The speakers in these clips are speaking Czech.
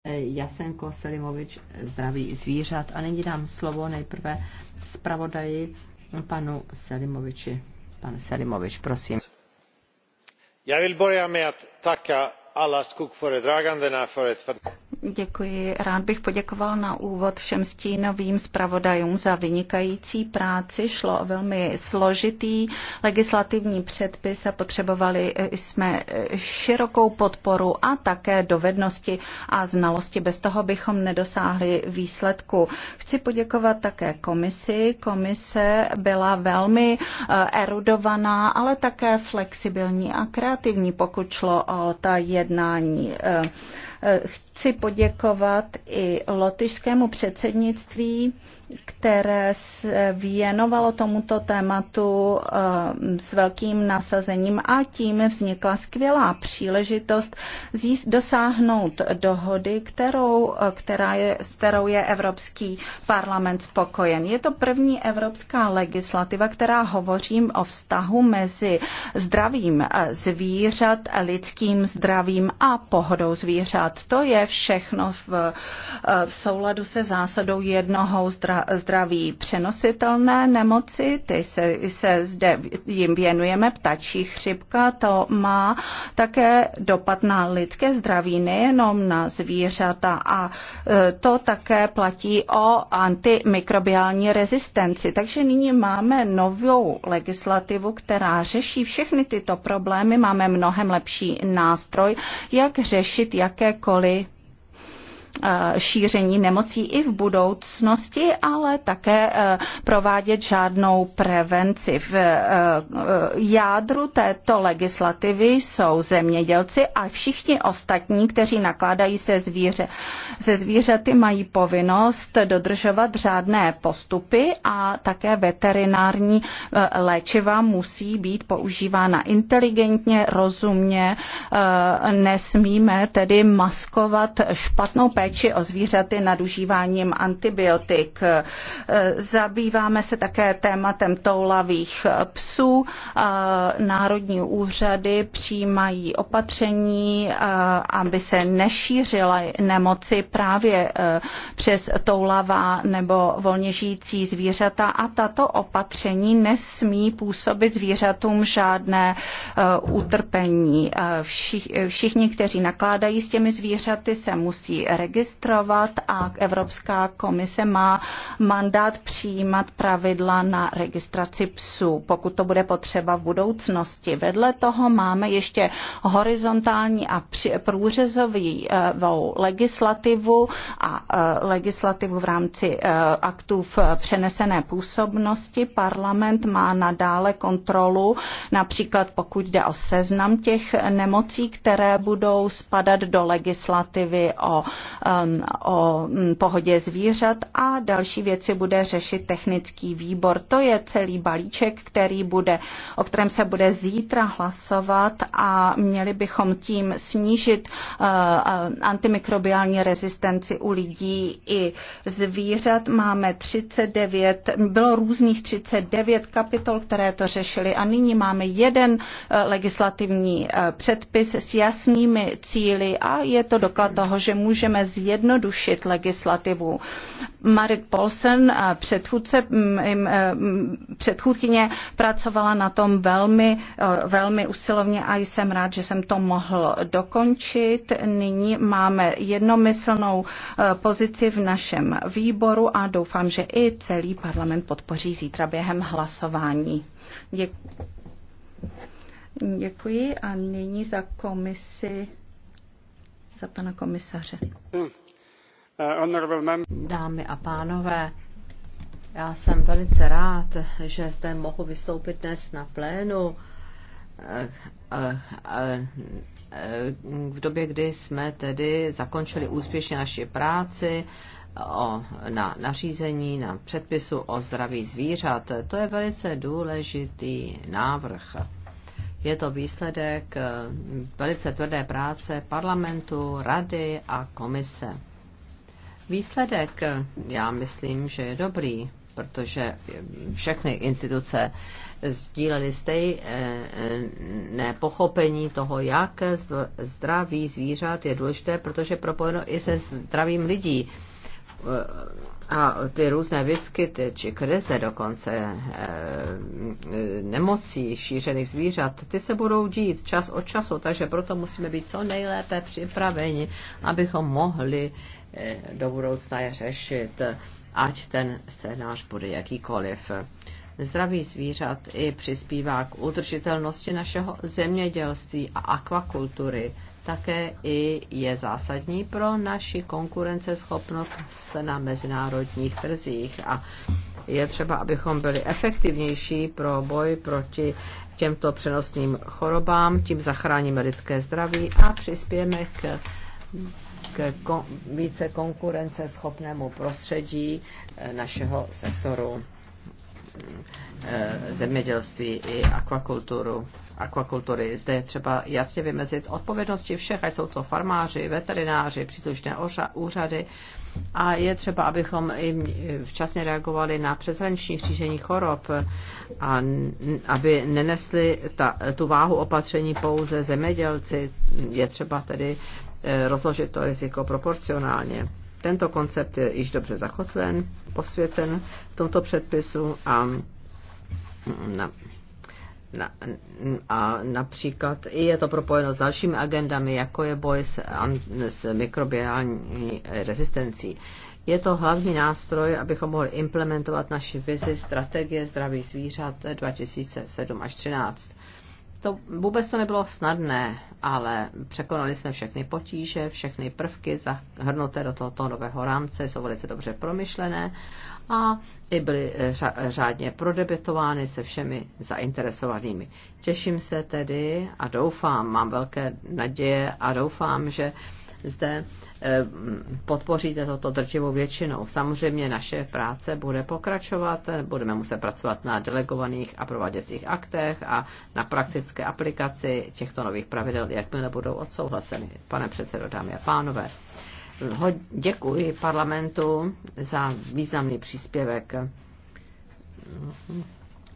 Eh, Jasenko Selimovič zdraví zvířat. A nyní dám slovo nejprve zpravodaji panu Selimoviči. Pan Selimovič, prosím. Já vil börja med att tacka alla skogföredragandena för ett Děkuji. Rád bych poděkoval na úvod všem stínovým zpravodajům za vynikající práci. Šlo o velmi složitý legislativní předpis a potřebovali jsme širokou podporu a také dovednosti a znalosti. Bez toho bychom nedosáhli výsledku. Chci poděkovat také komisi. Komise byla velmi eh, erudovaná, ale také flexibilní a kreativní, pokud šlo o ta jednání. Eh, eh, Chci poděkovat i lotyšskému předsednictví, které se věnovalo tomuto tématu eh, s velkým nasazením a tím vznikla skvělá příležitost zjist, dosáhnout dohody, kterou, eh, která je, s kterou je Evropský parlament spokojen. Je to první evropská legislativa, která hovoří o vztahu mezi zdravím eh, zvířat, lidským zdravím a pohodou zvířat. To je všechno v, eh, v souladu se zásadou jednoho zdra, zdraví. Přenositelné nemoci, ty se, se zde jim věnujeme, ptačí chřipka, to má také dopad na lidské zdraví, nejenom na zvířata a eh, to také platí o antimikrobiální rezistenci. Takže nyní máme novou legislativu, která řeší všechny tyto problémy. Máme mnohem lepší nástroj, jak řešit jakékoliv Eh, šíření nemocí i v budoucnosti, ale také eh, provádět žádnou prevenci. V eh, jádru této legislativy jsou zemědělci a všichni ostatní, kteří nakládají se, zvíře, se zvířaty, mají povinnost dodržovat řádné postupy a také veterinární léčiva musí být používána inteligentně, rozumně. Nesmíme tedy maskovat špatnou péči o zvířaty nadužíváním antibiotik. E, zabýváme se také tématem toulavých psů. E, národní úřady přijímají opatření, e, aby se nešířily nemoci právě přes toulavá nebo volně žijící zvířata a tato opatření nesmí působit zvířatům žádné utrpení. Všichni, kteří nakládají s těmi zvířaty, se musí registrovat registrovat a Evropská komise má mandát přijímat pravidla na registraci psů, pokud to bude potřeba v budoucnosti. Vedle toho máme ještě horizontální a průřezovou eh, legislativu a eh, legislativu v rámci eh, aktů v přenesené působnosti. Parlament má nadále kontrolu, například pokud jde o seznam těch nemocí, které budou spadat do legislativy o Um, o mm, pohodě zvířat a další věci bude řešit technický výbor. To je celý balíček, který bude, o kterém se bude zítra hlasovat a měli bychom tím snížit uh, uh, antimikrobiální rezistenci u lidí i zvířat. Máme 39, bylo různých 39 kapitol, které to řešili a nyní máme jeden uh, legislativní předpis s jasnými cíly a je to doklad toho, že můžeme zjednodušit legislativu. Marit Paulsen, eh, předchůdce, mm, eh, mm, předchůdkyně, pracovala na tom velmi, eh, velmi usilovně a jsem rád, že jsem to mohl dokončit. Nyní máme jednomyslnou pozici v našem výboru a doufám, že i celý parlament podpoří zítra během hlasování. Děkuji. Děkuji a nyní za komisi za pana komisaře. Dámy a pánové, já jsem velice rád, že zde mohu vystoupit dnes na plénu v době, kdy jsme tedy zakončili úspěšně naši práci o, na nařízení, na předpisu o zdraví zvířat. To je velice důležitý návrh. Je to výsledek eh, velice tvrdé práce parlamentu, rady a komise. Výsledek, eh, já myslím, že je dobrý, protože všechny instituce sdílely stejné eh, pochopení toho, jak zdraví zvířat je důležité, protože propojeno i se zdravím lidí a ty různé ty či krize dokonce, eh, nemocí šířených zvířat, ty se budou dít čas od času, takže proto musíme být co nejlépe připraveni, abychom mohli eh, do budoucna je řešit, ať ten scénář bude jakýkoliv. Zdraví zvířat i přispívá k udržitelnosti našeho zemědělství a akvakultury také i je zásadní pro naši konkurenceschopnost na mezinárodních trzích. A je třeba, abychom byli efektivnější pro boj proti těmto přenosným chorobám, tím zachráníme lidské zdraví a přispějeme k, k kon, více konkurenceschopnému prostředí eh, našeho sektoru. Eh, zemědělství i akvakulturu, akvakultury. Zde je třeba jasně vymezit odpovědnosti všech, ať jsou to farmáři, veterináři, příslušné úřady. A je třeba, abychom i eh, včasně reagovali na přeshraniční šíření chorob a aby nenesli ta, tu váhu opatření pouze zemědělci. Je třeba tedy eh, rozložit to riziko proporcionálně. Tento koncept je již dobře zachotven, posvěcen v tomto předpisu a na, na, a například i je to propojeno s dalšími agendami, jako je boj s, s mikrobiální rezistencí. Je to hlavní nástroj, abychom mohli implementovat naši vizi strategie zdraví zvířat 2007 až 2013. To vůbec to nebylo snadné, ale překonali jsme všechny potíže, všechny prvky zahrnuté do tohoto nového rámce, jsou velice dobře promyšlené a i byly e, řádně prodebitovány se všemi zainteresovanými. Těším se tedy a doufám, mám velké naděje a doufám, že zde eh, podpoříte toto drtivou většinou. Samozřejmě naše práce bude pokračovat, budeme muset pracovat na delegovaných a prováděcích aktech a na praktické aplikaci těchto nových pravidel, jakmile budou odsouhlaseny. Pane předsedo, dámy a pánové, děkuji parlamentu za významný příspěvek.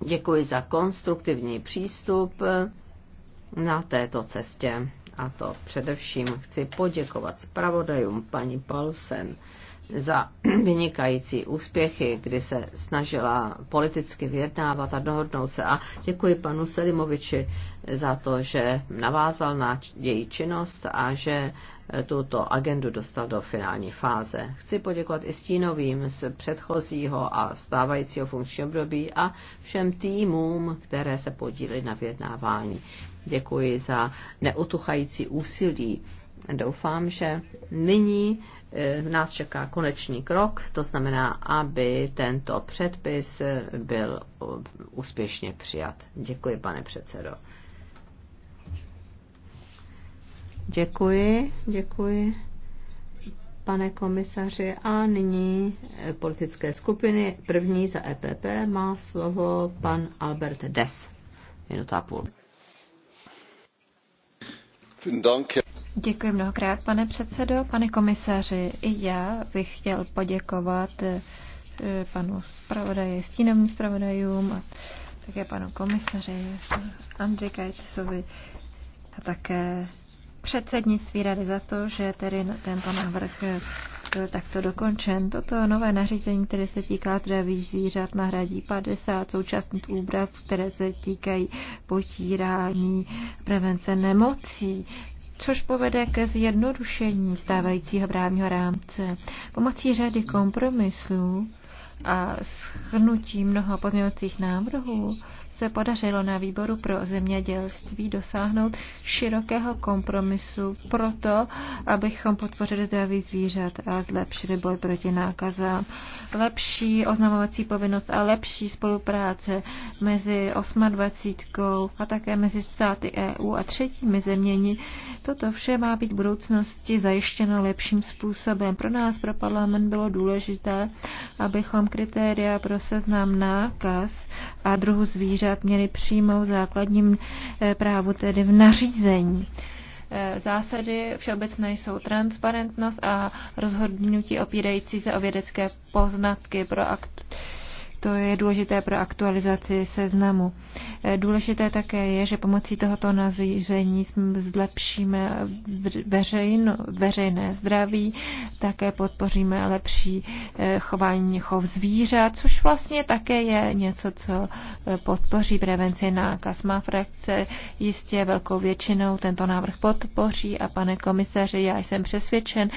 Děkuji za konstruktivní přístup na této cestě a to především chci poděkovat zpravodajům paní Paulsen za vynikající úspěchy, kdy se snažila politicky vyjednávat a dohodnout se. A děkuji panu Selimoviči za to, že navázal na její činnost a že e, tuto agendu dostal do finální fáze. Chci poděkovat i stínovým z předchozího a stávajícího funkčního období a všem týmům, které se podílely na vyjednávání děkuji za neotuchající úsilí. Doufám, že nyní eh, nás čeká konečný krok, to znamená, aby tento předpis eh, byl eh, úspěšně přijat. Děkuji, pane předsedo. Děkuji, děkuji, pane komisaři. A nyní politické skupiny. První za EPP má slovo pan Albert Des. Minuta a půl. Děkuji mnohokrát, pane předsedo. Pane komisaři, i já bych chtěl poděkovat eh, panu zpravodaji, stínovým zpravodajům a také panu komisaři Andřej Kajtisovi a také předsednictví rady za to, že tedy tento návrh eh, byl takto dokončen. Toto nové nařízení, které se týká zdraví zvířat, nahradí 50 současných úprav, které se týkají potírání prevence nemocí což povede ke zjednodušení stávajícího právního rámce. Pomocí řady kompromisů a schnutí mnoha podměňovacích návrhů se podařilo na výboru pro zemědělství dosáhnout širokého kompromisu pro to, abychom podpořili zdraví zvířat a zlepšili boj proti nákazám. Lepší oznamovací povinnost a lepší spolupráce mezi 28 a také mezi státy EU a třetími zeměni. Toto vše má být v budoucnosti zajištěno lepším způsobem. Pro nás, pro parlament, bylo důležité, abychom kritéria pro seznam nákaz a druhu zvířat měli přímou základním eh, právu, tedy v nařízení řízení. Eh, zásady všeobecné jsou transparentnost a rozhodnutí opírající se o vědecké poznatky pro akt to je důležité pro aktualizaci seznamu. Eh, důležité také je, že pomocí tohoto nazíření zlepšíme veřejno, veřejné zdraví, také podpoříme lepší eh, chování chov zvířat, což vlastně také je něco, co eh, podpoří prevenci nákaz. Má frakce jistě velkou většinou tento návrh podpoří a pane komisaři, já jsem přesvědčen,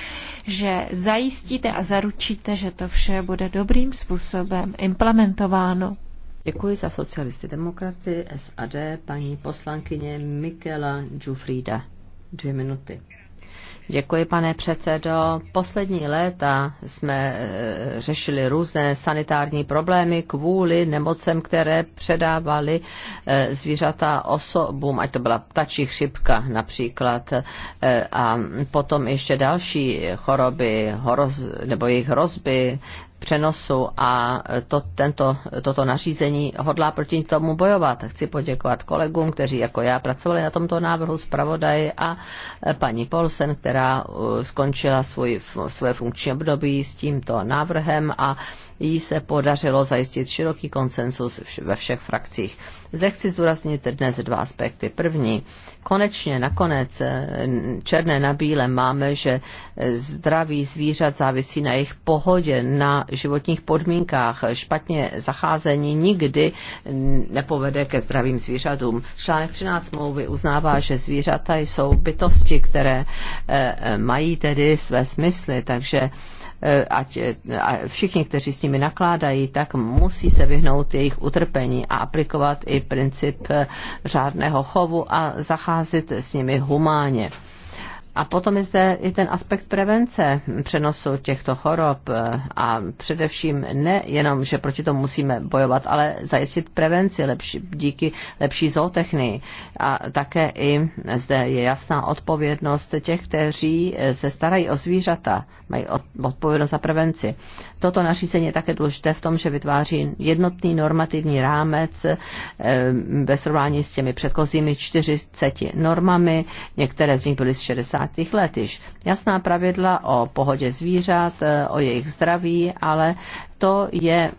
že zajistíte a zaručíte, že to vše bude dobrým způsobem implementovat implementováno. Děkuji za socialisty demokraty SAD paní poslankyně Mikela Giuffrida. Dvě minuty. Děkuji, pane předsedo. Poslední léta jsme e, řešili různé sanitární problémy kvůli nemocem, které předávaly e, zvířata osobům, ať to byla ptačí chřipka například, e, a potom ještě další choroby horoz, nebo jejich hrozby, přenosu a to, tento, toto nařízení hodlá proti tomu bojovat. Chci poděkovat kolegům, kteří jako já pracovali na tomto návrhu zpravodaji a eh, paní Polsen, která eh, skončila svůj, svoje funkční období s tímto návrhem a jí se podařilo zajistit široký konsensus ve všech frakcích. Zde chci zdůraznit dnes dva aspekty. První, konečně nakonec eh, černé na bílé máme, že zdraví zvířat závisí na jejich pohodě, na životních podmínkách. Špatně zacházení nikdy nepovede ke zdravým zvířatům. Článek 13 smlouvy uznává, že zvířata jsou bytosti, které eh, eh, mají tedy své smysly, takže eh, ať a všichni, kteří s nimi nakládají, tak musí se vyhnout jejich utrpení a aplikovat i princip řádného chovu a zacházet s nimi humánně. A potom je zde i ten aspekt prevence přenosu těchto chorob eh, a především nejenom, že proti tomu musíme bojovat, ale zajistit prevenci lepší, díky lepší zootechnii. A také i zde je jasná odpovědnost těch, kteří eh, se starají o zvířata mají odpovědnost za prevenci. Toto nařízení je také důležité v tom, že vytváří jednotný normativní rámec eh, ve srovnání s těmi předchozími 40 normami, některé z nich byly z 60. let již. Jasná pravidla o pohodě zvířat, eh, o jejich zdraví, ale to je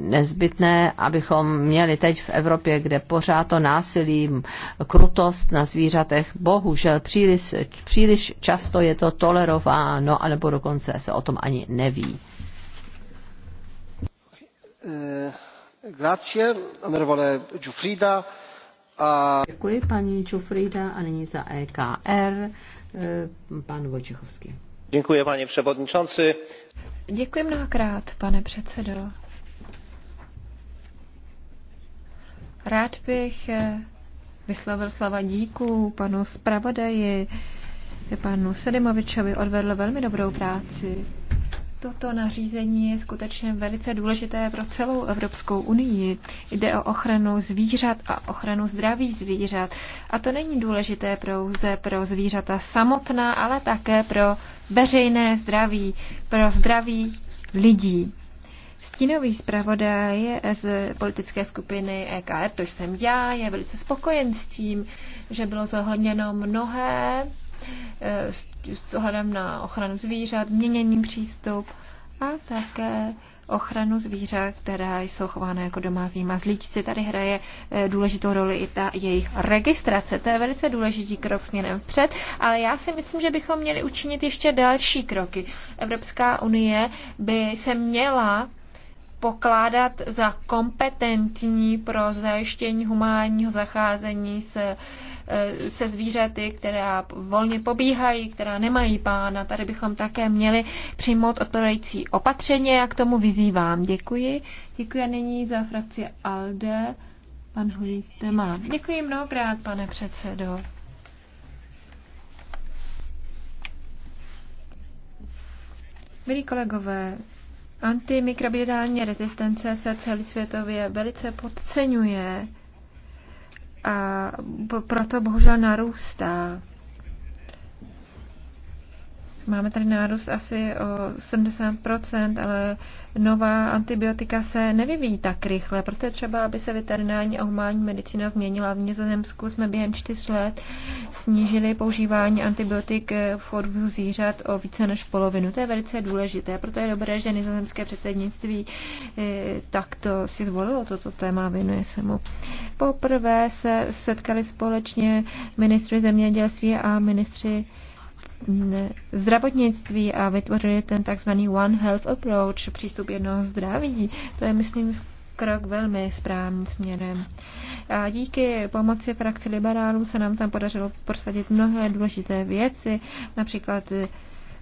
nezbytné, abychom měli teď v Evropě, kde pořád to násilí, krutost na zvířatech, bohužel příliš, příliš často je to tolerováno, anebo dokonce se o tom ani neví. Eh, grazie, onorevole Giuffrida. A... Děkuji paní Čufrida a nyní za EKR eh, pan Vojčechovský. Děkuji, pane předsedající. Děkuji mnohokrát, pane předsedo. Rád bych eh, vyslovil slava díků panu zpravodaji, panu Sedimovičovi, odvedl velmi dobrou práci. Toto nařízení je skutečně velice důležité pro celou Evropskou unii. Jde o ochranu zvířat a ochranu zdraví zvířat. A to není důležité pouze pro zvířata samotná, ale také pro veřejné zdraví, pro zdraví lidí. Stínový zpravodaj z politické skupiny EKR, to jsem já, je velice spokojen s tím, že bylo zohledněno mnohé z eh, s ohledem na ochranu zvířat, měněný přístup a také ochranu zvířat, která jsou chována jako domácí mazlíčci. Tady hraje eh, důležitou roli i ta jejich registrace. To je velice důležitý krok směrem vpřed, ale já si myslím, že bychom měli učinit ještě další kroky. Evropská unie by se měla pokládat za kompetentní pro zajištění humánního zacházení se, eh, se zvířaty, která volně pobíhají, která nemají pána. Tady bychom také měli přijmout odpovědající opatření. jak k tomu vyzývám. Děkuji. Děkuji a nyní za frakci ALDE. Pan Hulík má. Děkuji mnohokrát, pane předsedo. Milí kolegové, Antimikrobiální rezistence se celosvětově velice podceňuje a proto bohužel narůstá. Máme tady nárůst asi o 70%, ale nová antibiotika se nevyvíjí tak rychle. Proto je třeba, aby se veterinární a humánní medicína změnila. V Nizozemsku jsme během 4 let snížili používání antibiotik v chodbu zvířat o více než polovinu. To je velice důležité. Proto je dobré, že nizozemské předsednictví eh, takto si zvolilo toto téma, věnuje se mu. Poprvé se setkali společně ministři zemědělství a ministři zdravotnictví a vytvořili ten takzvaný One Health Approach, přístup jednoho zdraví. To je, myslím, krok velmi správným směrem. A díky pomoci frakce liberálů se nám tam podařilo prosadit mnohé důležité věci, například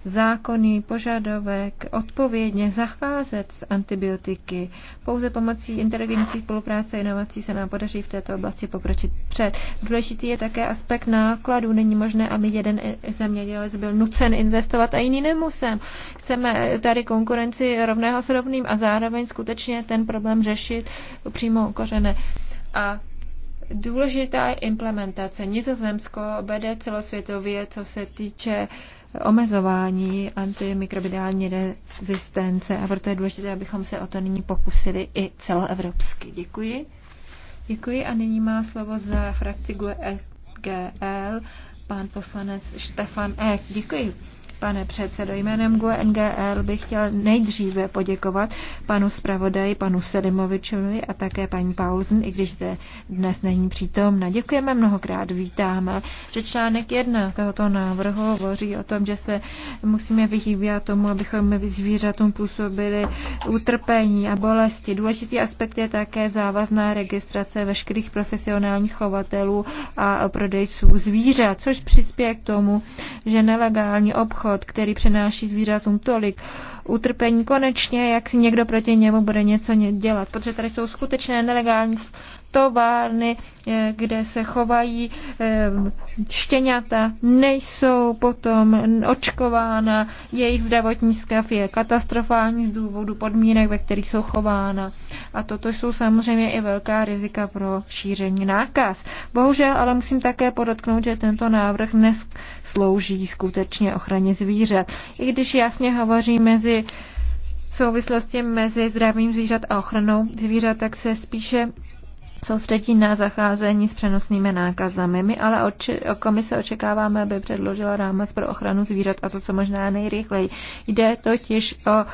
zákonný požadavek odpovědně zacházet s antibiotiky. Pouze pomocí inteligentní spolupráce a inovací se nám podaří v této oblasti pokročit před. Důležitý je také aspekt nákladů. Není možné, aby jeden zemědělec byl nucen investovat a jiný nemusel. Chceme tady konkurenci rovného s rovným a zároveň skutečně ten problém řešit přímo kořene. A důležitá je implementace. Nizozemsko vede celosvětově, co se týče uh, omezování antimikrobiální rezistence a proto je důležité, abychom se o to nyní pokusili i celoevropsky. Děkuji. Děkuji a nyní má slovo za frakci GL pan poslanec Štefan Ek. Děkuji. Pane předsedo, jménem GUNGL e bych chtěl nejdříve poděkovat panu zpravodaji, panu Sedemovičovi a také paní Paulsen, i když zde dnes není přítomna. Děkujeme mnohokrát, vítáme, že článek 1 tohoto návrhu hovoří o tom, že se musíme vyhýbat tomu, abychom zvířatům působili utrpení a bolesti. Důležitý aspekt je také závazná registrace veškerých profesionálních chovatelů a prodejců zvířat, což přispěje k tomu, že nelegální obchod obchod, který přináší zvířatům tolik utrpení konečně, jak si někdo proti němu bude něco dělat, protože tady jsou skutečné nelegální továrny, eh, kde se chovají eh, štěňata, nejsou potom očkována, jejich zdravotní stav je katastrofální z důvodu podmínek, ve kterých jsou chována. A toto jsou samozřejmě i velká rizika pro šíření nákaz. Bohužel ale musím také podotknout, že tento návrh neslouží skutečně ochraně zvířat. I když jasně hovoří mezi souvislosti mezi zdravím zvířat a ochranou zvířat, tak se spíše soustředí na zacházení s přenosnými nákazami. My ale od komise očekáváme, aby předložila rámec pro ochranu zvířat a to, co možná nejrychleji. Jde totiž o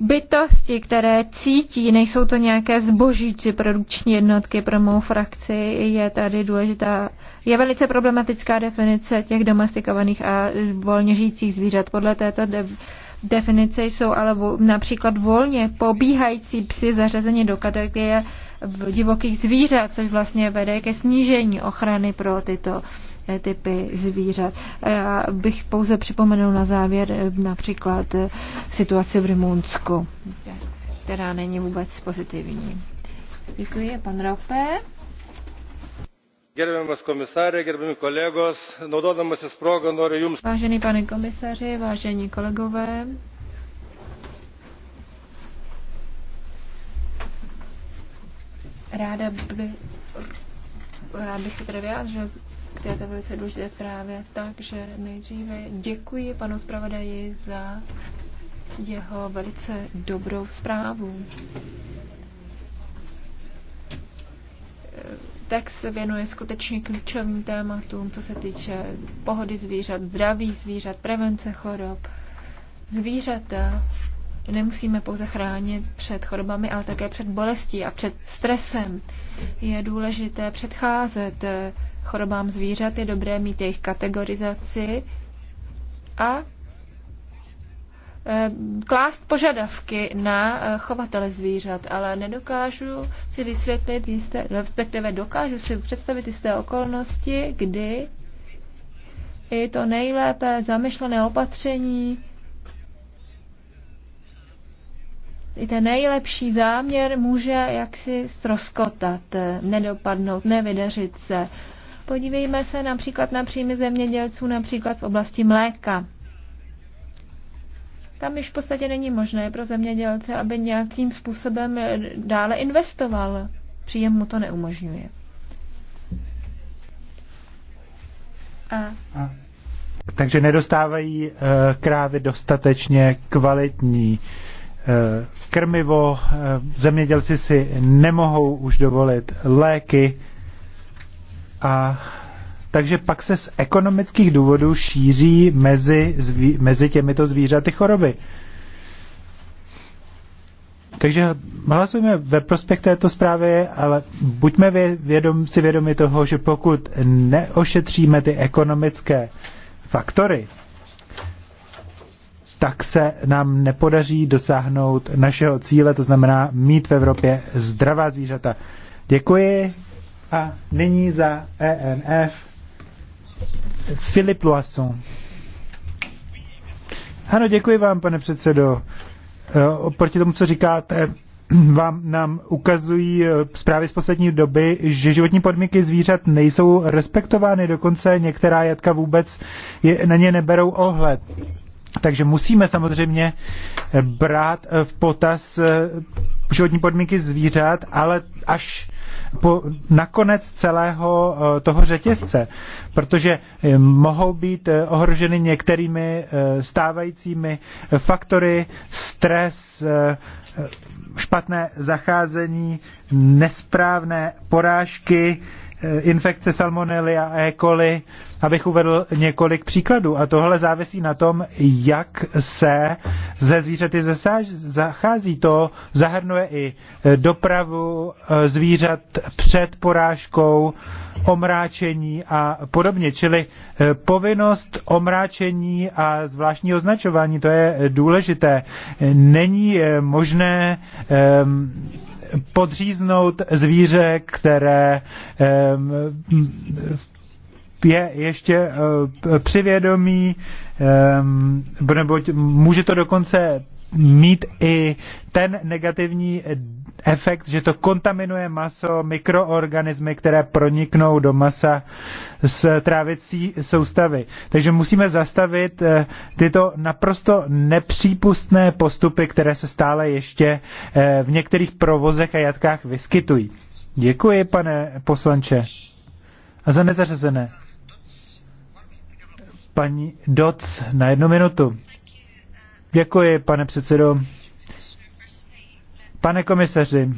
bytosti, které cítí, nejsou to nějaké zbožíci produkční jednotky pro mou frakci, je tady důležitá, je velice problematická definice těch domestikovaných a volně žijících zvířat. Podle této de- definice jsou ale například volně pobíhající psy zařazeně do kategorie divokých zvířat, což vlastně vede ke snížení ochrany pro tyto eh, typy zvířat. Já bych pouze připomenul na závěr eh, například eh, situaci v Rumunsku, která není vůbec pozitivní. Děkuji, pan Rope gerbiamas vážený pane komisaři vážení kolegové ráda by, rád bych se tedy vyjádřil k této velice důležité zprávě takže nejdříve děkuji panu zpravodaji za jeho velice dobrou zprávu. text se věnuje skutečně klíčovým tématům, co se týče pohody zvířat, zdraví zvířat, prevence chorob. Zvířata nemusíme pouze chránit před chorobami, ale také před bolestí a před stresem. Je důležité předcházet eh, chorobám zvířat, je dobré mít jejich kategorizaci a Eh, klást požadavky na eh, chovatele zvířat, ale nedokážu si vysvětlit jisté, respektive dokážu si představit jisté okolnosti, kdy i to nejlépe zamišlené opatření, i ten nejlepší záměr může jaksi stroskotat, eh, nedopadnout, nevydařit se. Podívejme se například na příjmy zemědělců, například v oblasti mléka tam již v podstatě není možné pro zemědělce, aby nějakým způsobem dále investoval. Příjem mu to neumožňuje. A. A. Takže nedostávají uh, krávy dostatečně kvalitní uh, krmivo, uh, zemědělci si nemohou už dovolit léky a takže pak se z ekonomických důvodů šíří mezi, zví, mezi těmito zvířaty choroby. Takže hlasujeme ve prospěch této zprávy, ale buďme vědom, si vědomi toho, že pokud neošetříme ty ekonomické faktory, tak se nám nepodaří dosáhnout našeho cíle, to znamená mít v Evropě zdravá zvířata. Děkuji a nyní za ENF Filip Loasson. Ano, děkuji vám, pane předsedo. Eh, oproti tomu, co říkáte, vám nám ukazují eh, zprávy z poslední doby, že životní podmínky zvířat nejsou respektovány, dokonce některá jatka vůbec je, na ně neberou ohled. Takže musíme samozřejmě eh, brát eh, v potaz eh, životní podmínky zvířat, ale až po, nakonec celého toho řetězce, protože mohou být ohroženy některými stávajícími faktory, stres, špatné zacházení, nesprávné porážky, Eh, infekce salmonely a E. coli, abych uvedl několik příkladů. A tohle závisí na tom, jak se ze zvířaty zachází. To zahrnuje i eh, dopravu eh, zvířat před porážkou, omráčení a podobně. Čili povinnost omráčení a zvláštní označování, to je důležité. Není možné podříznout zvíře, které je ještě eh, přivědomí, neboť může to dokonce mít i ten negativní efekt, že to kontaminuje maso, mikroorganismy, které proniknou do masa z trávicí soustavy. Takže musíme zastavit eh, tyto naprosto nepřípustné postupy, které se stále ještě eh, v některých provozech a jatkách vyskytují. Děkuji, pane poslanče. A za nezařazené. Paní Doc, na jednu minutu. Děkuji, pane předsedo. Pane komisaři,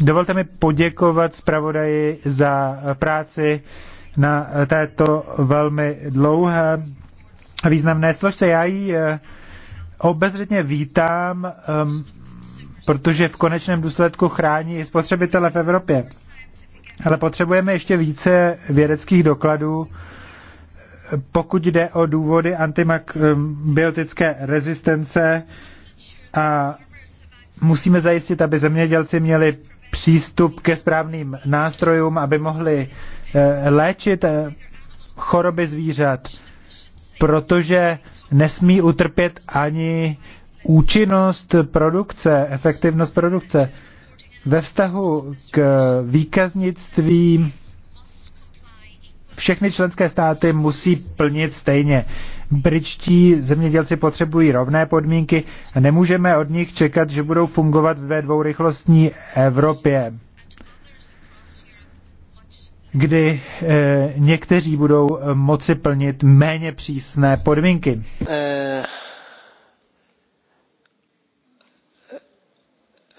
dovolte mi poděkovat zpravodaji za práci na této velmi dlouhé a významné složce. Já ji eh, obezřetně vítám, ehm, protože v konečném důsledku chrání i spotřebitele v Evropě. Ale potřebujeme ještě více vědeckých dokladů, pokud jde o důvody antimikrobiotské rezistence, a musíme zajistit, aby zemědělci měli přístup ke správným nástrojům, aby mohli eh, léčit eh, choroby zvířat, protože nesmí utrpět ani účinnost produkce, efektivnost produkce. Ve vztahu k výkaznictví všechny členské státy musí plnit stejně. Britští zemědělci potřebují rovné podmínky a nemůžeme od nich čekat, že budou fungovat ve dvourychlostní Evropě, kdy eh, někteří budou moci plnit méně přísné podmínky. Eh...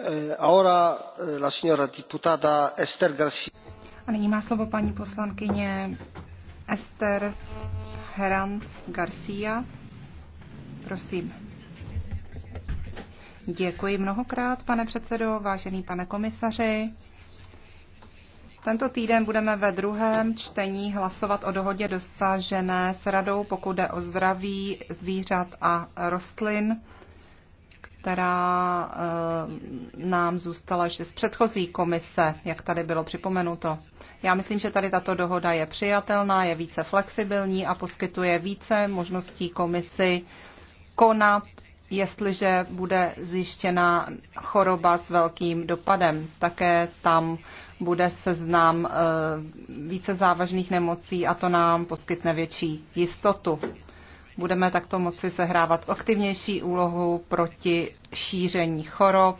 eh ahora eh, la señora diputada Esther García. A nyní má slovo paní poslankyně Esther Herans Garcia. Prosím. Děkuji mnohokrát, pane předsedo, vážený pane komisaři. Tento týden budeme ve druhém čtení hlasovat o dohodě dosažené s radou, pokud jde o zdraví zvířat a rostlin která eh, nám zůstala ještě z předchozí komise, jak tady bylo připomenuto. Já myslím, že tady tato dohoda je přijatelná, je více flexibilní a poskytuje více možností komisi konat, jestliže bude zjištěna choroba s velkým dopadem. Také tam bude seznam eh, více závažných nemocí a to nám poskytne větší jistotu. Budeme takto moci sehrávat aktivnější úlohu proti šíření chorob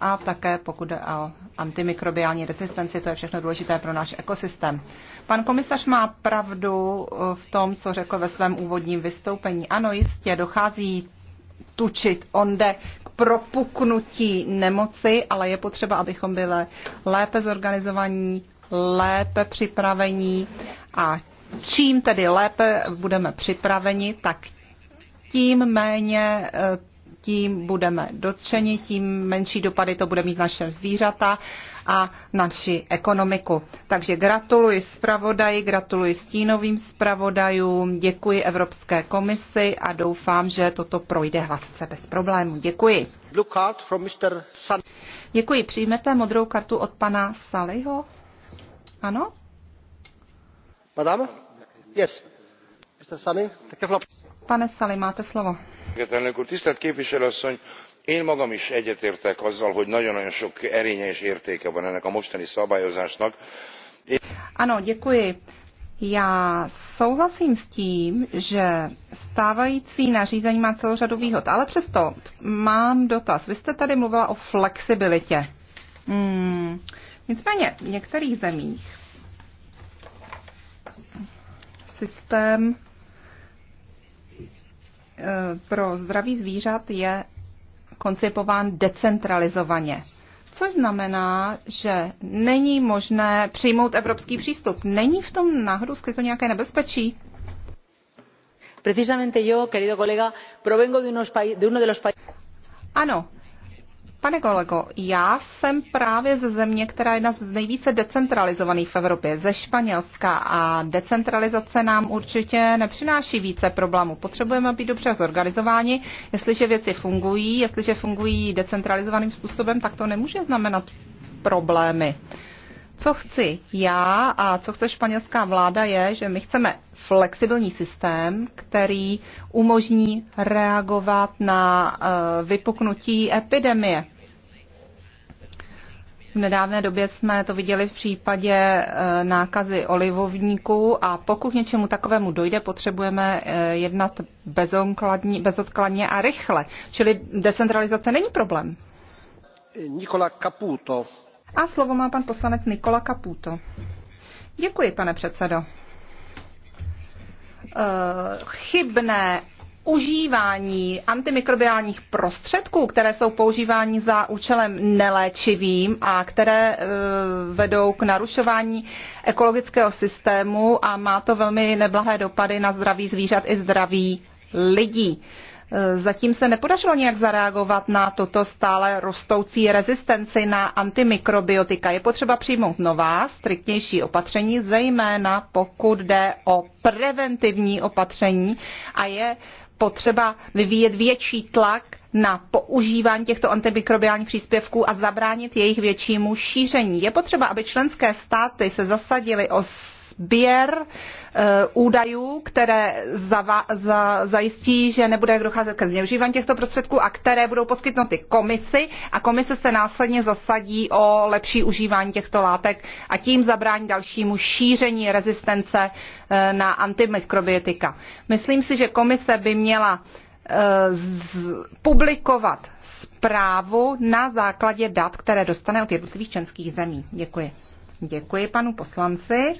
a také pokud jde o antimikrobiální rezistenci, to je všechno důležité pro náš ekosystém. Pan komisař má pravdu eh, v tom, co řekl ve svém úvodním vystoupení. Ano, jistě, dochází tučit onde k propuknutí nemoci, ale je potřeba, abychom byli lépe zorganizovaní, lépe připravení a čím tedy lépe budeme připraveni, tak tím méně eh, tím budeme dotčeni, tím menší dopady to bude mít naše zvířata a naši ekonomiku. Takže gratuluji zpravodaji, gratuluji stínovým zpravodajům, děkuji Evropské komisi a doufám, že toto projde hladce bez problémů. Děkuji. Děkuji. Přijmete modrou kartu od pana Saliho? Ano? pane Sali, tisztelt képviselő asszony én magam is egyetértek azzal hogy nagyon nagyon sok erénye és értéke van ennek a mostani szabályozásnak. ano děkuji. Já souhlasím s tím, že stávající nařízení má celou řadu výhod, ale přesto mám dotaz. Vy jste tady mluvila o flexibilitě. Hmm. Nicméně v některých zemích systém eh, pro zdraví zvířat je koncipován decentralizovaně. Což znamená, že není možné přijmout evropský přístup. Není v tom náhodou skryto nějaké nebezpečí? Precisamente yo, querido colega, provengo de, unos de uno de los países. Ano, Pane kolego, já jsem právě ze země, která je jedna z nejvíce decentralizovaných v Evropě, ze Španělska a decentralizace nám určitě nepřináší více problémů. Potřebujeme být dobře zorganizováni, jestliže věci fungují, jestliže fungují decentralizovaným způsobem, tak to nemůže znamenat problémy. Co chci já a co chce španělská vláda je, že my chceme flexibilní systém, který umožní reagovat na eh, vypuknutí epidemie. V nedávné době jsme to viděli v případě e, nákazy olivovníků a pokud něčemu takovému dojde, potřebujeme e, jednat bezodkladně a rychle. Čili decentralizace není problém. Nikola Caputo. A slovo má pan poslanec Nikola Caputo. Děkuji, pane předsedo. E, chybné užívání antimikrobiálních prostředků, které jsou používání za účelem neléčivým a které e, vedou k narušování ekologického systému a má to velmi neblahé dopady na zdraví zvířat i zdraví lidí. E, zatím se nepodařilo nějak zareagovat na toto stále rostoucí rezistenci na antimikrobiotika. Je potřeba přijmout nová, striktnější opatření, zejména pokud jde o preventivní opatření a je potřeba vyvíjet větší tlak na používání těchto antimikrobiálních příspěvků a zabránit jejich většímu šíření. Je potřeba, aby členské státy se zasadily o sběr eh, údajů, které zava, za, zajistí, že nebude docházet ke zneužívání těchto prostředků a které budou poskytnuty komisi a komise se následně zasadí o lepší užívání těchto látek a tím zabrání dalšímu šíření rezistence eh, na antimikrobiotika. Myslím si, že komise by měla eh, publikovat zprávu na základě dat, které dostane od jednotlivých členských zemí. Děkuji. Děkuji panu poslanci.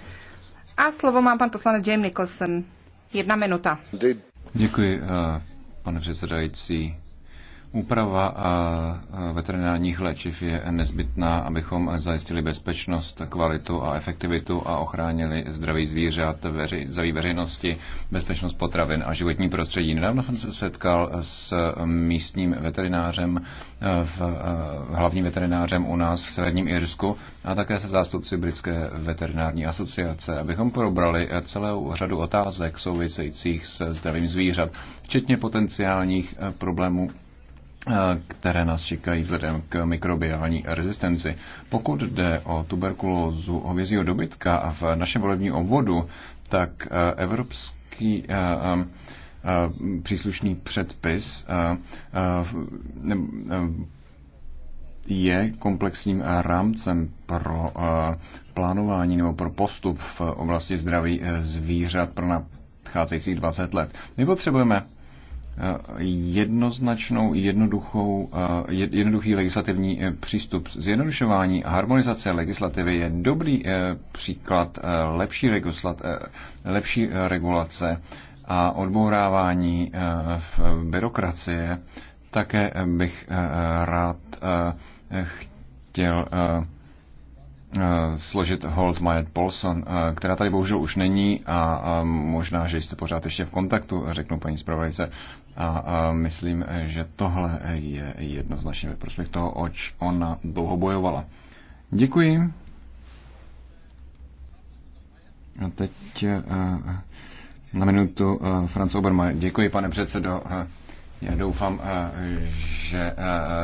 A slovo má pan poslanec James Nicholson. Jedna minuta. Děkuji, eh, pane předsedající. Úprava veterinárních léčiv je nezbytná, abychom zajistili bezpečnost, kvalitu a efektivitu a ochránili zdraví zvířat, veři, zdraví veřejnosti, bezpečnost potravin a životní prostředí. Nedávno jsem se setkal s místním veterinářem, e, v, e, hlavním veterinářem u nás v Severním Irsku a také se zástupci Britské veterinární asociace, abychom probrali celou řadu otázek souvisejících s zdravím zvířat, včetně potenciálních e, problémů které nás čekají vzhledem k mikrobiální rezistenci. Pokud jde o tuberkulózu hovězího dobytka a v našem volebním obvodu, tak evropský příslušný předpis je komplexním rámcem pro plánování nebo pro postup v oblasti zdraví zvířat pro nadcházejících 20 let. My potřebujeme jednoznačnou, jednoduchou, eh, jednoduchý legislativní eh, přístup. Zjednodušování a harmonizace legislativy je dobrý eh, příklad lepší, lepší regulace a odbourávání v byrokracie. Také bych rád chtěl Eh, složit Hold Majet Polson, eh, která tady bohužel už není a možná, že jste pořád ještě v kontaktu, řeknu paní zpravodajce. A myslím, že tohle je jednoznačně ve prospěch toho, oč ona dlouho bojovala. Děkuji. A teď eh, na minutu Franz Obermeier. Děkuji, pane předsedo. Já doufám, eh, že eh,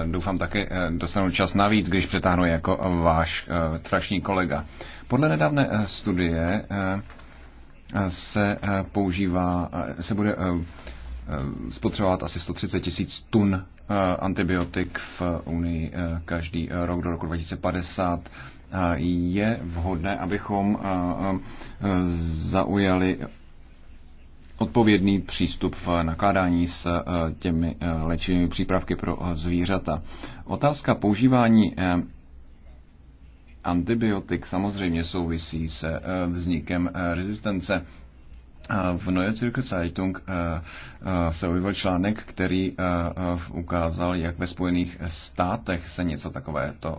doufám také eh, dostanu čas navíc, když přetáhnu jako váš trační kolega. Podle nedávné studie se používá, se bude spotřebovat asi 130 tisíc tun antibiotik v Unii každý rok do roku 2050. Je vhodné, abychom zaujali odpovědný přístup v nakládání s eh, těmi eh, léčivými přípravky pro eh, zvířata. Otázka používání antibiotik samozřejmě souvisí se vznikem rezistence v Neue Zürcher Zeitung eh, eh, se objevil článek, který eh, ukázal, jak ve Spojených státech se něco takového to,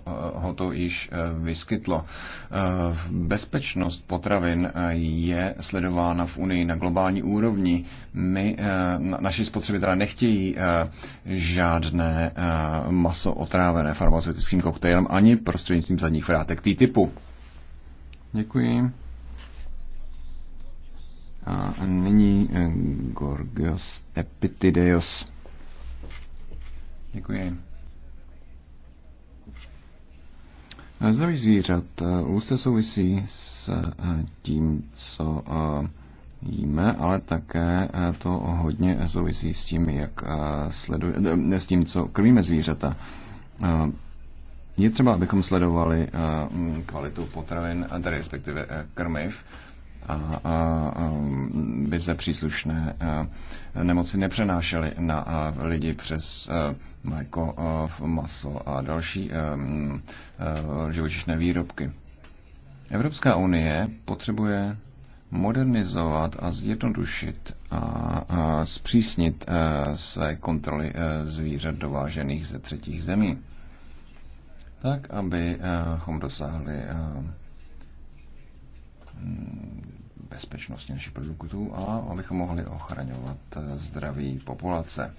to již vyskytlo. Bezpečnost potravin je sledována v Unii na globální úrovni. My, naši spotřebitelé nechtějí žádné maso otrávené farmaceutickým koktejlem ani prostřednictvím zadních vrátek T-typu. Děkuji. A nyní eh, Gorgios Epitideos. Děkuji. Zdraví zvířat úzce eh, souvisí s eh, tím, co jíme, ale také to hodně souvisí s tím, jak sleduje, s tím, co krmíme zvířata. Je třeba, abychom sledovali kvalitu potravin, tedy respektive krmiv, a, a, a vize příslušné a, nemoci nepřenášely na a, lidi přes a, mléko, a, maso a další a, a, živočišné výrobky. Evropská unie potřebuje modernizovat a zjednodušit a, a zpřísnit a, své kontroly a, zvířat dovážených ze třetích zemí, tak abychom dosáhli bezpečnosti našich produktů a abychom mohli ochraňovat eh, zdraví populace.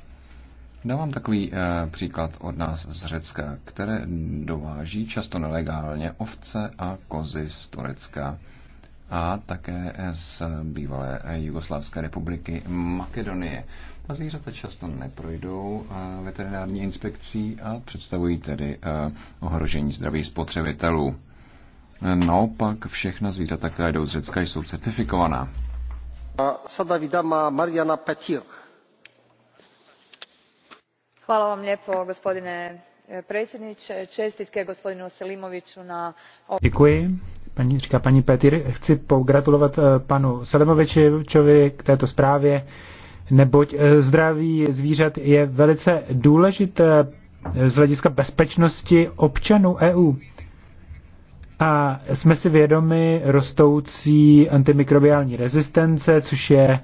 Dávám takový eh, příklad od nás z Řecka, které dováží často nelegálně ovce a kozy z Turecka a také eh, z bývalé Jugoslávské republiky Makedonie. Ta zvířata často neprojdou veterinární inspekcí a představují tedy ohrožení zdraví spotřebitelů. Naopak všechna zvířata, která jdou z Řecka, jsou certifikovaná. Sada vidama Mariana Petir. Hvala vám lepo, gospodine eh, predsjedniče. Čestitke gospodinu Selimoviću na... Děkuji. Paní, říká paní Petir, chci pogratulovat eh, panu Selimovičovi k této zprávě, neboť eh, zdraví zvířat je velice důležité z hlediska bezpečnosti občanů EU. A jsme si vědomi rostoucí antimikrobiální rezistence, což je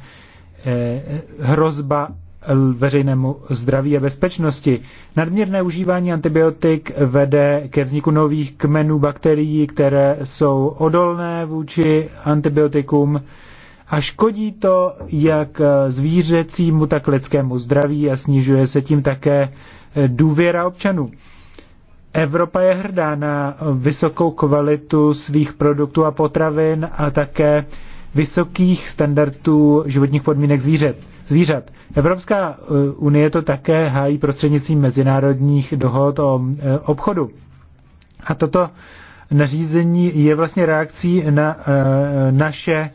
eh, hrozba veřejnému zdraví a bezpečnosti. Nadměrné užívání antibiotik vede ke vzniku nových kmenů bakterií, které jsou odolné vůči antibiotikům a škodí to jak eh, zvířecímu, tak lidskému zdraví a snižuje se tím také eh, důvěra občanů. Evropa je hrdá na vysokou kvalitu svých produktů a potravin a také vysokých standardů životních podmínek zvířat. zvířat. Evropská eh, unie to také hájí prostřednictvím mezinárodních dohod o eh, obchodu. A toto nařízení je vlastně reakcí na eh, naše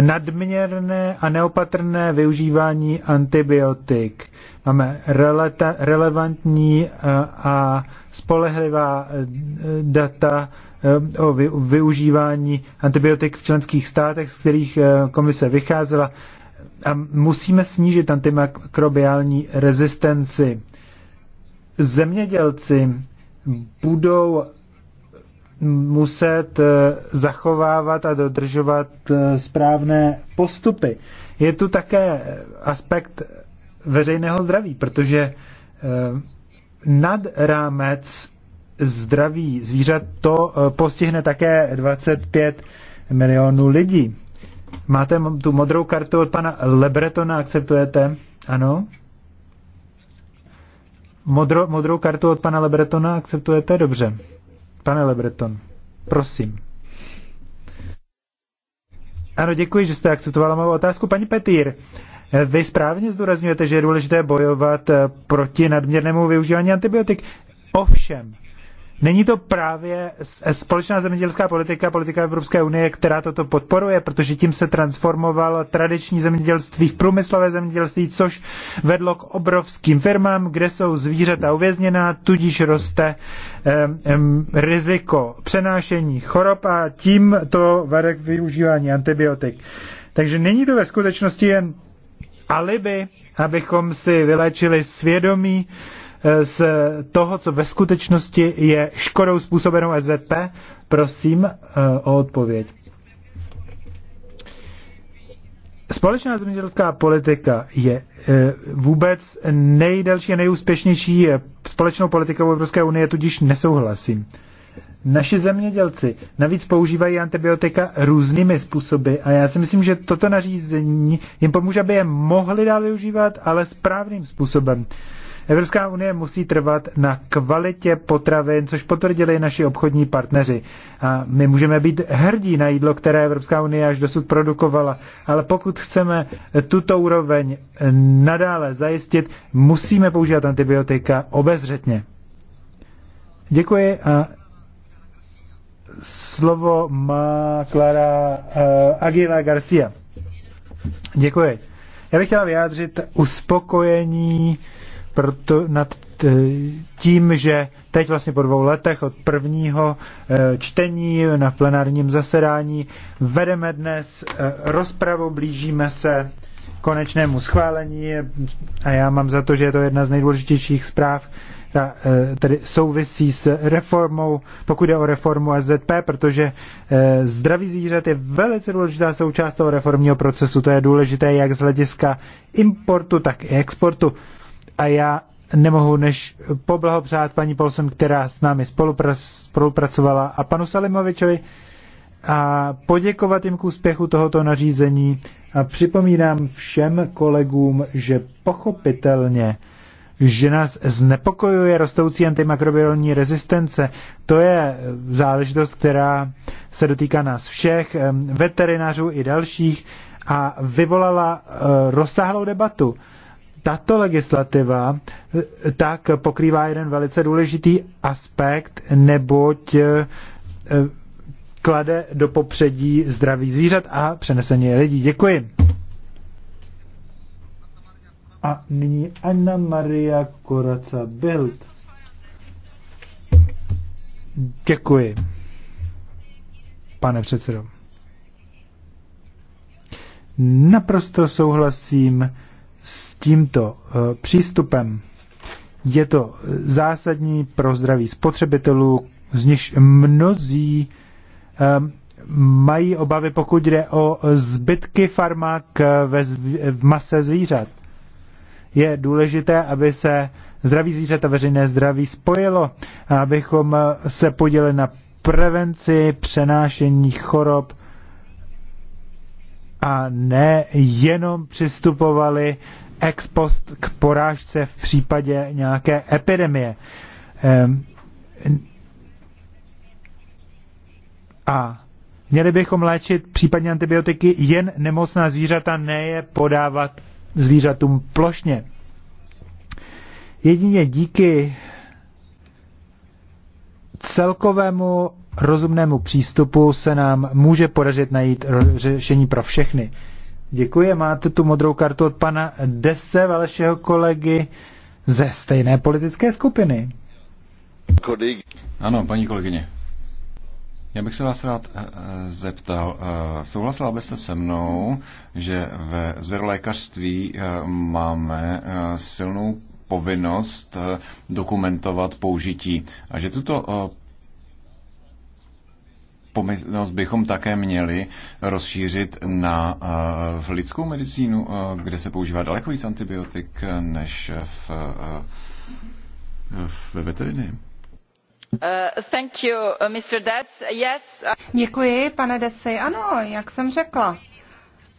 nadměrné a neopatrné využívání antibiotik. Máme releta, relevantní eh, a spolehlivá eh, data eh, o využívání antibiotik v členských státech, z kterých komise vycházela. A musíme snížit antimikrobiální rezistenci. Zemědělci budou muset eh, zachovávat a dodržovat eh, správné postupy. Je tu také aspekt veřejného zdraví, protože eh, nad rámec zdraví zvířat to postihne také 25 milionů lidí. Máte tu modrou kartu od pana Lebretona, akceptujete? Ano? Modro, modrou kartu od pana Lebretona akceptujete? Dobře. Pane Lebreton, prosím. Ano, děkuji, že jste akceptovala mou otázku. Paní Petýr, vy správně zdůrazňujete, že je důležité bojovat eh, proti nadměrnému využívání antibiotik. Ovšem, Není to právě společná zemědělská politika, politika Evropské unie, která toto podporuje, protože tím se transformovalo tradiční zemědělství v průmyslové zemědělství, což vedlo k obrovským firmám, kde jsou zvířata uvězněná, tudíž roste um, um, riziko přenášení chorob a tím to vede k využívání antibiotik. Takže není to ve skutečnosti jen alibi, abychom si vylečili svědomí, z toho, co ve skutečnosti je škodou způsobenou SZP? Prosím eh, o odpověď. Společná zemědělská politika je eh, vůbec nejdelší a nejúspěšnější eh, společnou politikou Evropské unie, tudíž nesouhlasím. Naši zemědělci navíc používají antibiotika různými způsoby a já si myslím, že toto nařízení jim pomůže, aby je mohli dál využívat, ale správným způsobem. Evropská unie musí trvat na kvalitě potravin, což potvrdili naši obchodní partneři. A my můžeme být hrdí na jídlo, které Evropská unie až dosud produkovala, ale pokud chceme tuto úroveň nadále zajistit, musíme používat antibiotika obezřetně. Děkuji a slovo má Clara uh, eh, Aguila Garcia. Děkuji. Já bych chtěla vyjádřit uspokojení proto nad tím, že teď vlastně po dvou letech od prvního eh, čtení na plenárním zasedání vedeme dnes eh, rozpravu, blížíme se konečnému schválení a já mám za to, že je to jedna z nejdůležitějších zpráv, která eh, tedy souvisí s reformou, pokud jde o reformu SZP, protože zdraví zvířat je velice důležitá součást toho reformního procesu. To je důležité jak z hlediska importu, tak i exportu a já nemohu než poblahopřát paní Polson, která s námi spolupracovala a panu Salimovičovi a poděkovat jim k úspěchu tohoto nařízení a připomínám všem kolegům, že pochopitelně že nás znepokojuje rostoucí antimakrobiální rezistence. To je záležitost, která se dotýká nás všech, veterinářů i dalších a vyvolala e, rozsáhlou debatu tato legislativa eh, tak pokrývá jeden velice důležitý aspekt, neboť eh, klade do popředí zdraví zvířat a přeneseně lidí. Děkuji. A nyní Anna Maria Koraca Bild. Děkuji, pane předsedo. Naprosto souhlasím tímto eh, přístupem je to eh, zásadní pro zdraví spotřebitelů, z nichž mnozí eh, mají obavy, pokud jde o zbytky farmak v mase zvířat. Je důležité, aby se zdraví zvířat a veřejné zdraví spojilo, abychom se podělili na prevenci přenášení chorob a ne jenom přistupovali ex post k porážce v případě nějaké epidemie. Ehm, a měli bychom léčit případně antibiotiky jen nemocná zvířata, ne je podávat zvířatům plošně. Jedině díky celkovému rozumnému přístupu se nám může podařit najít řešení pro všechny. Děkuji, máte tu modrou kartu od pana Dese, vašeho kolegy ze stejné politické skupiny. Ano, paní kolegyně. Já bych se vás rád eh, eh, zeptal, eh, souhlasila byste se mnou, že ve zvěrolékařství máme silnou povinnost dokumentovat použití a že tuto pomyslnost bychom také měli rozšířit na eh, v lidskou medicínu, eh, kde se používá daleko víc antibiotik eh, než v, v veterině. Uh, you, yes. Děkuji, pane Desi. Ano, jak jsem řekla,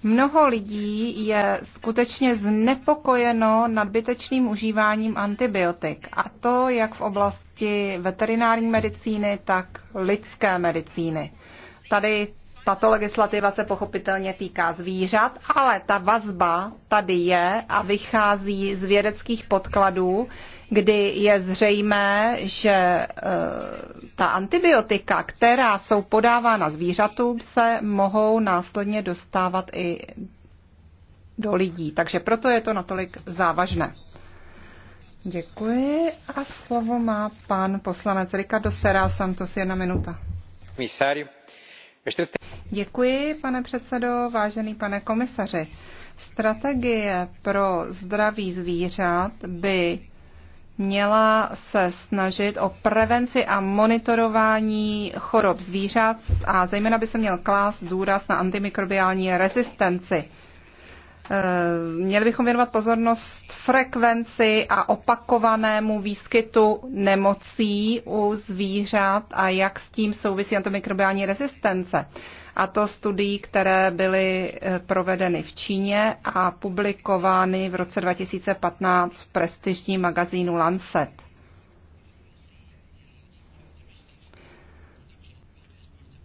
Mnoho lidí je skutečně znepokojeno nadbytečným užíváním antibiotik, a to jak v oblasti veterinární medicíny, tak lidské medicíny. Tady tato legislativa se pochopitelně týká zvířat, ale ta vazba tady je a vychází z vědeckých podkladů, kdy je zřejmé, že e, ta antibiotika, která jsou podávána zvířatům, se mohou následně dostávat i do lidí. Takže proto je to natolik závažné. Děkuji a slovo má pan poslanec Ricardo Serra Santos, jedna minuta. Misário. Děkuji, pane předsedo, vážený pane komisaři. Strategie pro zdraví zvířat by měla se snažit o prevenci a monitorování chorob zvířat a zejména by se měl klást důraz na antimikrobiální rezistenci. Eh, měli bychom věnovat pozornost frekvenci a opakovanému výskytu nemocí u zvířat a jak s tím souvisí antimikrobiální rezistence. A to studií, které byly eh, provedeny v Číně a publikovány v roce 2015 v prestižním magazínu Lancet.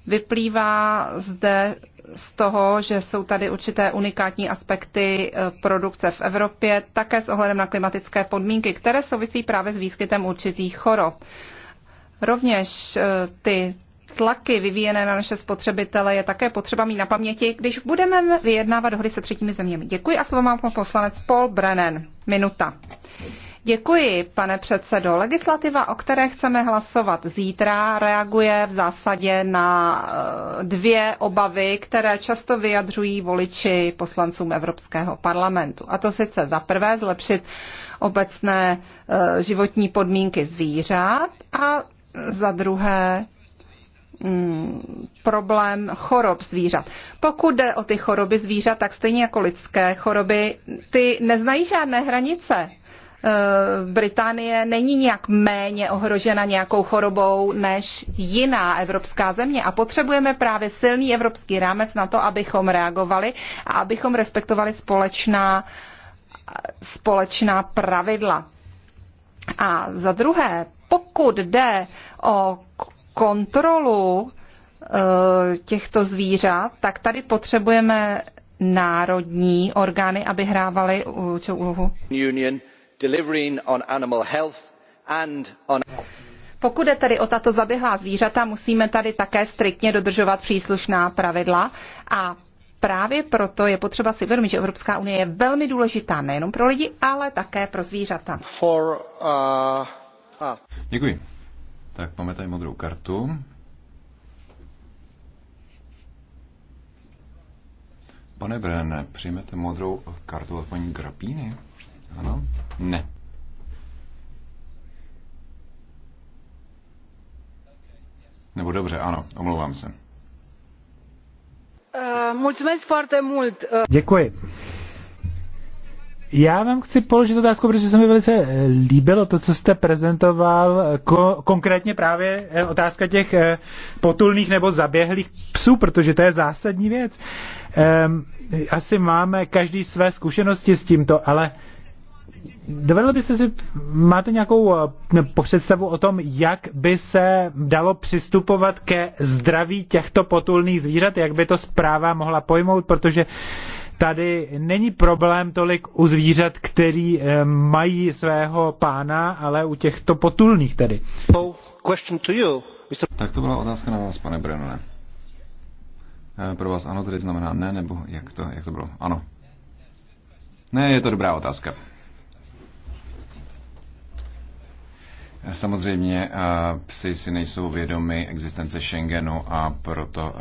Vyplývá zde z toho, že jsou tady určité unikátní aspekty eh, produkce v Evropě, také s ohledem na klimatické podmínky, které souvisí právě s výskytem určitých chorob. Rovněž eh, ty tlaky vyvíjené na naše spotřebitele je také potřeba mít na paměti, když budeme vyjednávat dohody se třetími zeměmi. Děkuji a slovo má poslanec Paul Brennan. Minuta. Děkuji, pane předsedo. Legislativa, o které chceme hlasovat zítra, reaguje v zásadě na eh, dvě obavy, které často vyjadřují voliči poslancům Evropského parlamentu. A to sice za prvé zlepšit obecné eh, životní podmínky zvířat a za druhé mm, problém chorob zvířat. Pokud jde o ty choroby zvířat, tak stejně jako lidské choroby, ty neznají žádné hranice. Eh, Británie není nějak méně ohrožena nějakou chorobou než jiná evropská země a potřebujeme právě silný evropský rámec na to, abychom reagovali a abychom respektovali společná, společná pravidla. A za druhé, pokud jde o kontrolu eh, těchto zvířat, tak tady potřebujeme národní orgány, aby hrávaly určitou úlohu delivering on animal health and on pokud je tedy o tato zaběhlá zvířata, musíme tady také striktně dodržovat příslušná pravidla a právě proto je potřeba si uvědomit, že Evropská unie je velmi důležitá nejenom pro lidi, ale také pro zvířata. For, uh, uh. Děkuji. Tak máme tady modrou kartu. Pane Brenne, přijmete modrou kartu od paní Grapíny? Ano? Ne. Nebo dobře, ano, omlouvám se. Eh, eh, Děkuji. Já vám chci položit otázku, protože se mi velice eh, líbilo to, co jste prezentoval, ko- konkrétně právě otázka těch potulných nebo zaběhlých psů, protože to je zásadní věc. Ehm, asi máme každý své zkušenosti s tímto, ale Dovedl byste si, máte nějakou eh, představu o tom, jak by se dalo přistupovat ke zdraví těchto potulných zvířat, jak by to zpráva mohla pojmout, protože tady není problém tolik u zvířat, který eh, mají svého pána, ale u těchto potulných tedy. Tak to byla otázka na vás, pane Brennone. Eh, pro vás ano tedy znamená ne, nebo jak to, jak to bylo? Ano. Ne, je to dobrá otázka. Samozřejmě eh, psy si nejsou vědomi existence Schengenu a proto eh,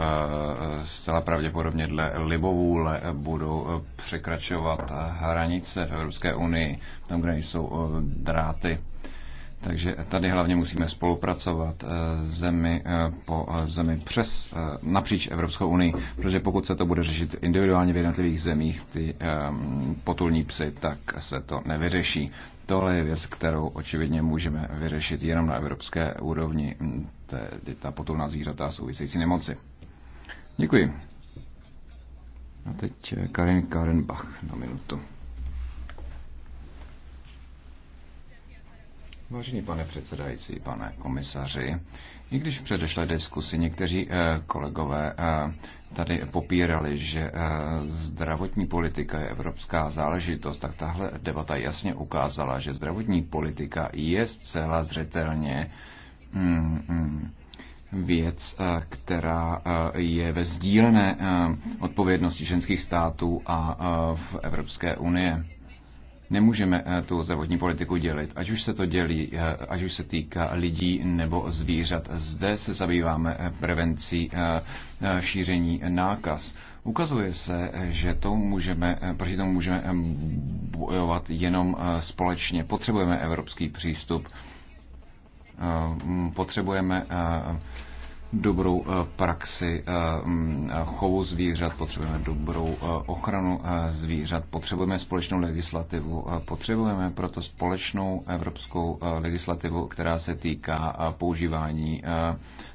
zcela pravděpodobně dle libovůle budou eh, překračovat hranice v Evropské unii, tam, kde nejsou dráty. Takže tady hlavně musíme spolupracovat zemi po zemi přes napříč Evropskou unii, protože pokud se to bude řešit individuálně v jednotlivých zemích, ty potulní psy, tak se to nevyřeší. Tohle je věc, kterou očividně můžeme vyřešit jenom na evropské úrovni, tedy ta potulná zvířata a související nemoci. Děkuji. A teď eh, Karin Karenbach na minutu. Vážený pane předsedající, pane komisaři, i když v předešlé diskusi někteří eh, kolegové eh, tady popírali, že eh, zdravotní politika je evropská záležitost, tak tahle debata jasně ukázala, že zdravotní politika je zcela zřetelně mm, mm, věc, která je ve sdílené odpovědnosti ženských států a v Evropské unie. Nemůžeme eh, tu zdravotní politiku dělit, ať už se to dělí, eh, ať už se týká lidí nebo zvířat. Zde se zabýváme eh, prevencí šíření nákaz. Ukazuje se, že to můžeme, proti tomu můžeme bojovat jenom společně. Potřebujeme evropský přístup, potřebujeme dobrou eh, praxi eh, mm, eh, chovu zvířat, potřebujeme dobrou ochranu zvířat, potřebujeme společnou legislativu, potřebujeme proto společnou evropskou legislativu, která se týká používání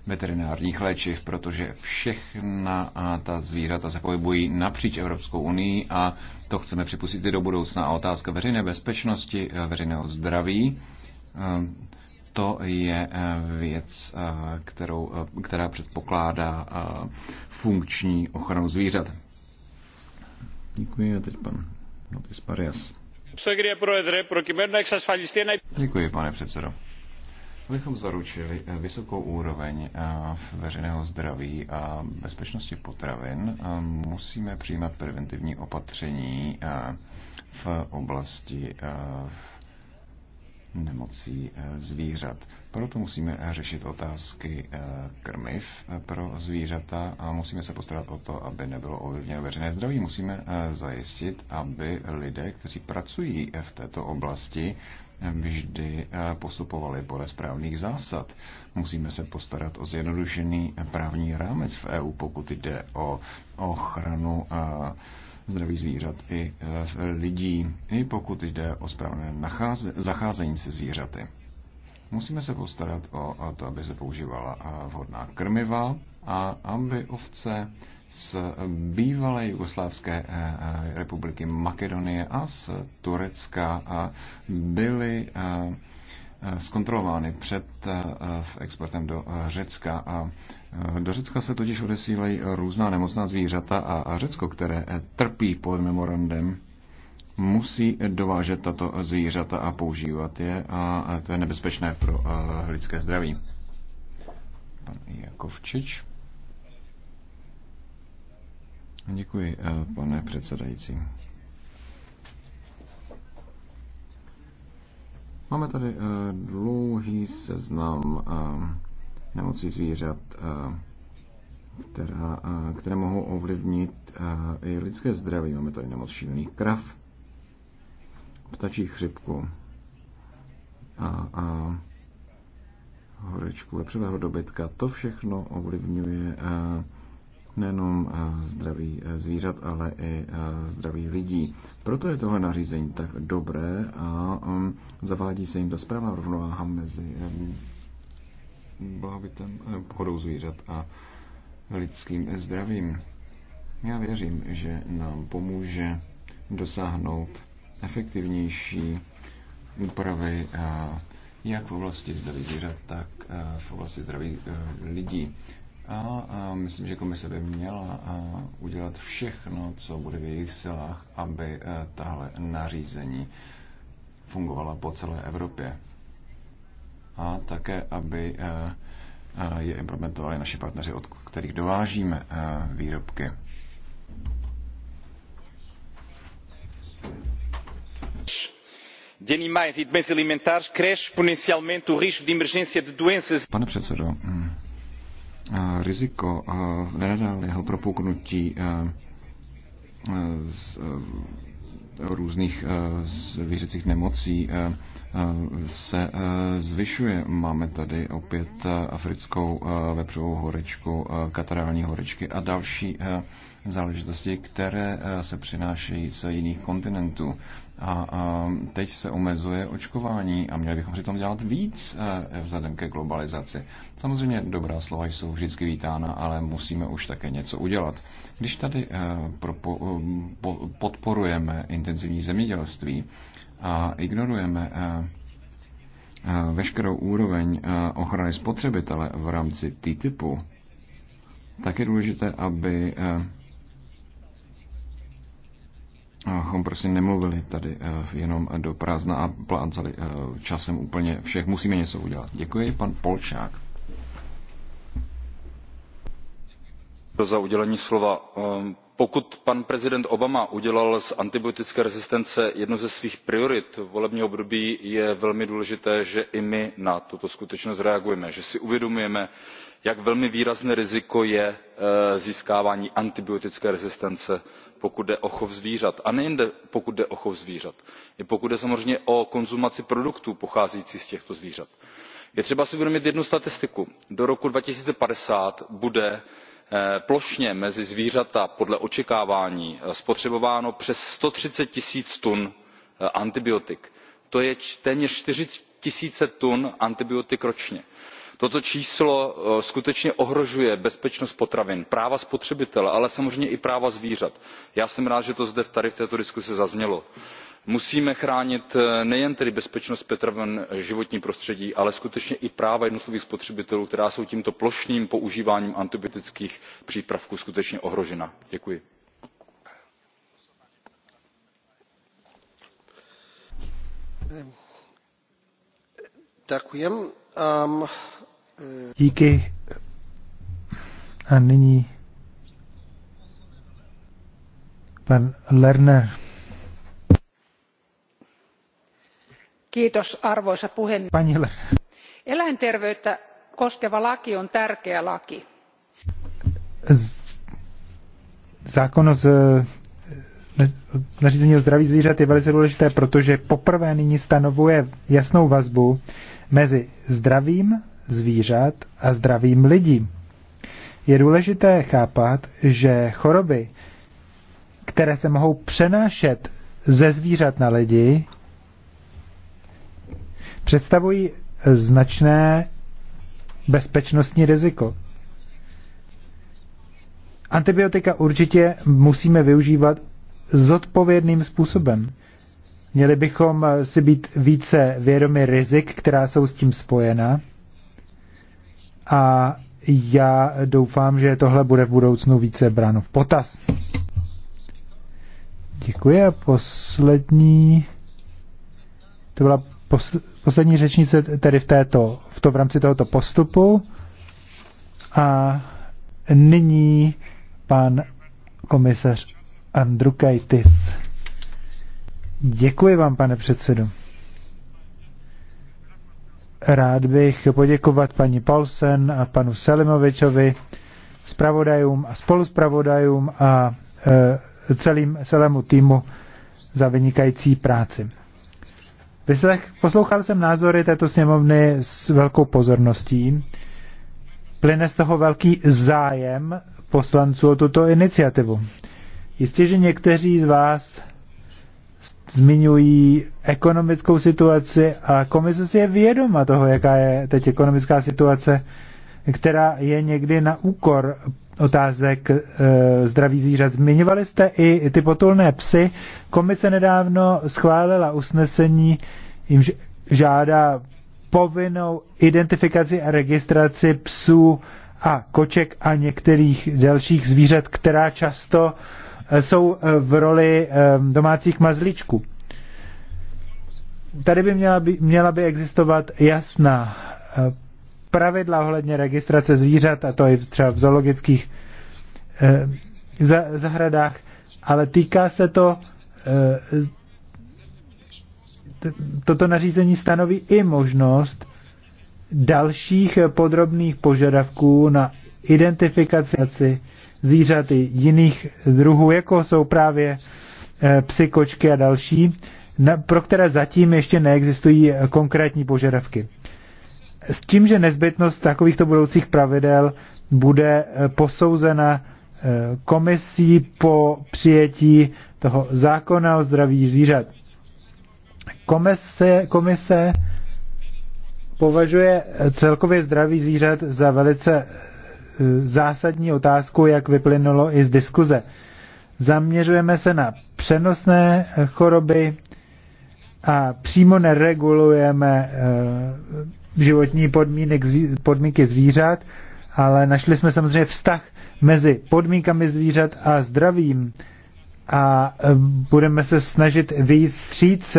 veterinárních léčiv, protože všechna ta zvířata se pohybují napříč Evropskou unii a to chceme připustit i do budoucna. A otázka veřejné bezpečnosti, veřejného zdraví, to je eh, věc, eh, kterou, eh, která předpokládá funkční ochranu zvířat. Děkuji a teď pan Notis Parias. Děkuji, pane předsedo. Abychom zaručili vysokou úroveň veřejného zdraví a bezpečnosti potravin, musíme přijímat preventivní opatření v oblasti nemocí eh, zvířat. Proto musíme řešit otázky eh, krmiv eh, pro zvířata a musíme se postarat o to, aby nebylo ovlivněno veřejné zdraví. Musíme zajistit, aby lidé, kteří pracují v této oblasti, vždy postupovali podle správných zásad. Musíme se postarat o zjednodušený právní rámec v EU, pokud jde o ochranu a zdraví zvířat i e, lidí, i pokud jde o správné zacházení se zvířaty. Musíme se postarat o to, aby se používala e, vhodná krmiva a aby ovce z bývalé Jugoslávské e, republiky Makedonie a z Turecka byly Eh, zkontrolovány před eh, exportem do eh, Řecka. A do Řecka se totiž odesílají různá nemocná zvířata a Řecko, které trpí pod memorandem, musí dovážet tato zvířata a používat je a to je nebezpečné pro lidské zdraví. Pan Jakovčič. Děkuji, pane předsedající. Máme tady uh, dlouhý seznam uh, nemocí zvířat, uh, která, uh, které mohou ovlivnit uh, i lidské zdraví. Máme tady nemoc šílených krav, ptačí chřipku a, a horečku vepřového dobytka. To všechno ovlivňuje uh, nejenom eh, zdraví eh, zvířat, ale i eh, zdraví lidí. Proto je tohle nařízení tak dobré a mm, zavádí se jim ta správná rovnováha mezi mm, blahobytem, pohodou zvířat a lidským zdravím. Já věřím, že nám pomůže dosáhnout efektivnější úpravy jak v oblasti zdraví zvířat, tak v oblasti zdraví lidí. A, a myslím, že komise by měla udělat všechno, co bude v jejich silách, aby e, tahle nařízení fungovala po celé Evropě. A také, aby e, e, je implementovali naši partneři, od kterých dovážíme výrobky. de animais e de bens alimentares cresce exponencialmente o risco de emergência de doenças. Pane předsedo, riziko nenadálého propuknutí z e, různých e, zvířecích nemocí e, se zvyšuje. Máme tady opět africkou vepřovou horečku, katarální horečky a další záležitosti, které eh, se přinášejí z jiných kontinentů. A teď se omezuje očkování a měli bychom přitom dělat víc eh, vzhledem ke globalizaci. Samozřejmě dobrá slova jsou vždycky vítána, ale musíme už také něco udělat. Když tady eh, podporujeme intenzivní zemědělství a ignorujeme veškerou úroveň ochrany spotřebitele v rámci TTIPu, tak je důležité, aby abychom prostě nemluvili tady eh, jenom do prázdna a plácali eh, časem úplně všech. Musíme něco udělat. Děkuji, pan Polčák. Za udělení slova. Ehm, pokud pan prezident Obama udělal z antibiotické rezistence jednu ze svých priorit volebního období, je velmi důležité, že i my na tuto skutečnost reagujeme, že si uvědomujeme, jak velmi výrazné riziko je eh, získávání antibiotické rezistence pokud jde o chov zvířat a nejen pokud jde o chov zvířat i pokud jde samozřejmě o konzumaci produktů pocházejících z těchto zvířat. je třeba si uvědomit jednu statistiku do roku two thousand and fifty bude eh, plošně mezi zvířata podle očekávání eh, spotřebováno přes one hundred and thirty zero tun eh, antibiotik. to je téměř four tisíce tun antibiotik ročně toto číslo skutečně ohrožuje bezpečnost potravin práva spotřebitele ale samozřejmě i práva zvířat. já jsem rád že to zde v této diskusi zaznělo. musíme chránit nejen tedy bezpečnost potravin životní prostředí ale skutečně i práva jednotlivých spotřebitelů která jsou tímto plošným používáním antibiotických přípravků skutečně ohrožena. děkuji. Díky. A nyní pan Lerner. Kiitos, arvoisa puhemies. Pani Eläinterveyttä koskeva laki on tärkeä laki. Zákon z nařízení o zdraví zvířat je velice důležité, protože poprvé nyní stanovuje jasnou vazbu mezi zdravím zvířat a zdravým lidí. Je důležité chápat, že choroby, které se mohou přenášet ze zvířat na lidi, představují značné bezpečnostní riziko. Antibiotika určitě musíme využívat zodpovědným způsobem. Měli bychom si být více vědomi rizik, která jsou s tím spojena a já doufám, že tohle bude v budoucnu více bráno v potaz. Děkuji a poslední, to byla posl, poslední řečnice tedy v, této, v, to, v rámci tohoto postupu a nyní pan komisař Andrukaitis. Děkuji vám, pane předsedo. Rád bych poděkovat paní Paulsen a panu Selimovičovi, zpravodajům a spoluspravodajům a e, celým, celému týmu za vynikající práci. Vyslech, poslouchal jsem názory této sněmovny s velkou pozorností. Plyne z toho velký zájem poslanců o tuto iniciativu. Jistě, že někteří z vás zmiňují ekonomickou situaci a komise si je vědoma toho, jaká je teď ekonomická situace, která je někdy na úkor otázek e, zdraví zvířat. Zmiňovali jste i ty potulné psy. Komise nedávno schválila usnesení, jim žádá povinnou identifikaci a registraci psů a koček a některých dalších zvířat, která často e, Eh, jsou eh, v roli eh, domácích mazlíčků. Tady by měla, by měla by existovat jasná pravidla ohledně registrace zvířat, a to i třeba v zoologických zahradách, ale týká se to toto nařízení stanoví i možnost dalších podrobných požadavků na identifikaci zvířat jiných druhů, jako jsou právě eh, psy, kočky a další, pro které zatím ještě neexistují konkrétní požadavky. S tím, že nezbytnost takovýchto budoucích pravidel bude eh, posouzena eh, komisí po přijetí toho zákona o zdraví zvířat. Komise, komise považuje celkově zdraví zvířat za velice zásadní otázku, jak vyplynulo i z diskuze. Zaměřujeme se na přenosné choroby a přímo neregulujeme eh, životní podmínky zvířat, ale našli jsme samozřejmě vztah mezi podmínkami zvířat a zdravím a eh, budeme se snažit vyjít stříc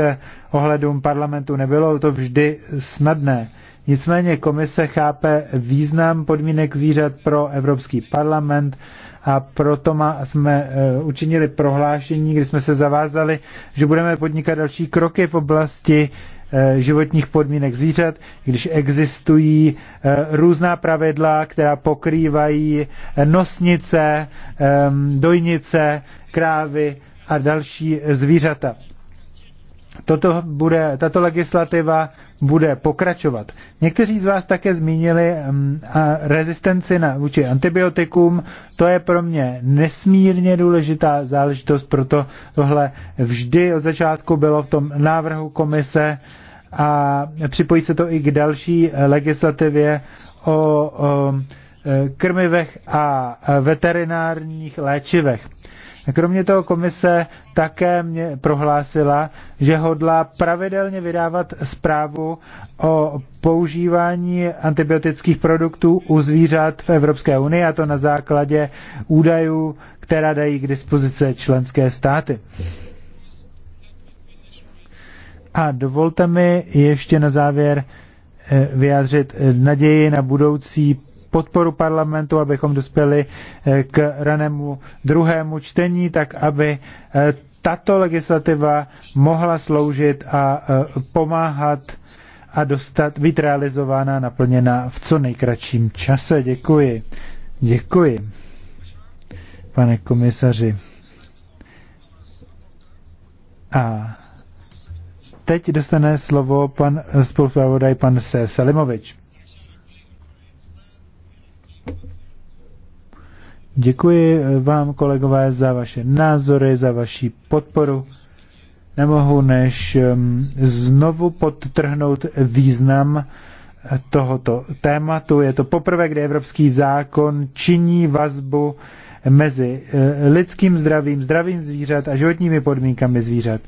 ohledům parlamentu. Nebylo to vždy snadné. Nicméně komise chápe význam podmínek zvířat pro Evropský parlament a proto má, jsme eh, učinili prohlášení, kdy jsme se zavázali, že budeme podnikat další kroky v oblasti eh, životních podmínek zvířat, když existují eh, různá pravidla, která pokrývají nosnice, dojnice, krávy a další zvířata. Toto bude, tato legislativa bude pokračovat. Někteří z vás také zmínili um, a rezistenci na, vůči antibiotikům. To je pro mě nesmírně důležitá záležitost, proto tohle vždy od začátku bylo v tom návrhu komise a připojí se to i k další legislativě o, o e, krmivech a veterinárních léčivech. Kromě toho komise také mě prohlásila, že hodlá pravidelně vydávat zprávu o používání antibiotických produktů u zvířat v Evropské unii, a to na základě údajů, která dají k dispozici členské státy. A dovolte mi ještě na závěr eh, vyjádřit eh, naději na budoucí podporu parlamentu, abychom dospěli eh, k ranému druhému čtení, tak aby eh, tato legislativa mohla sloužit a eh, pomáhat a dostat, být realizována, naplněna v co nejkratším čase. Děkuji. Děkuji, pane komisaři. A teď dostane slovo pan spolupravodaj pan Selimovič. Děkuji vám, kolegové, za vaše názory, za vaši podporu. Nemohu než um, znovu podtrhnout význam tohoto tématu. Je to poprvé, kdy evropský zákon činí vazbu mezi eh, lidským zdravím, zdravím zvířat a životními podmínkami zvířat.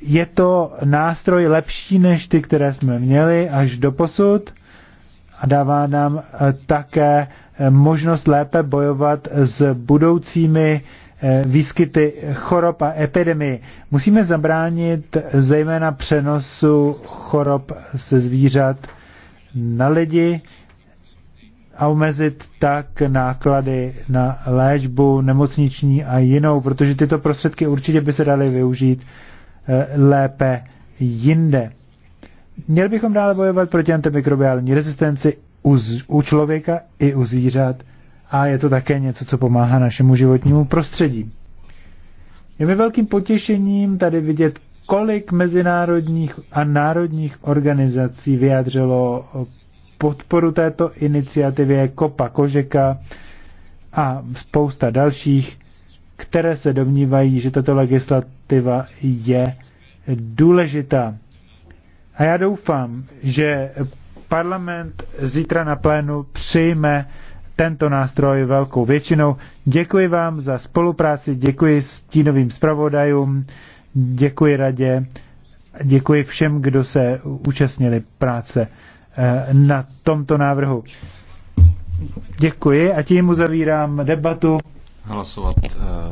Je to nástroj lepší než ty, které jsme měli až do posud a dává nám eh, také možnost lépe bojovat s budoucími eh, výskyty chorob a epidemii. Musíme zabránit zejména přenosu chorob se zvířat na lidi a omezit tak náklady na léčbu nemocniční a jinou, protože tyto prostředky určitě by se daly využít eh, lépe jinde. Měli bychom dále bojovat proti antimikrobiální rezistenci u, u člověka i u zvířat a je to také něco, co pomáhá našemu životnímu prostředí. Je mi velkým potěšením tady vidět, kolik mezinárodních a národních organizací vyjádřilo podporu této iniciativě Kopa Kožeka a spousta dalších, které se domnívají, že tato legislativa je důležitá. A já doufám, že parlament zítra na plénu přijme tento nástroj velkou většinou. Děkuji vám za spolupráci, děkuji stínovým zpravodajům, děkuji radě, děkuji všem, kdo se účastnili práce eh, na tomto návrhu. Děkuji a tím uzavírám debatu. Hlasovat. Eh,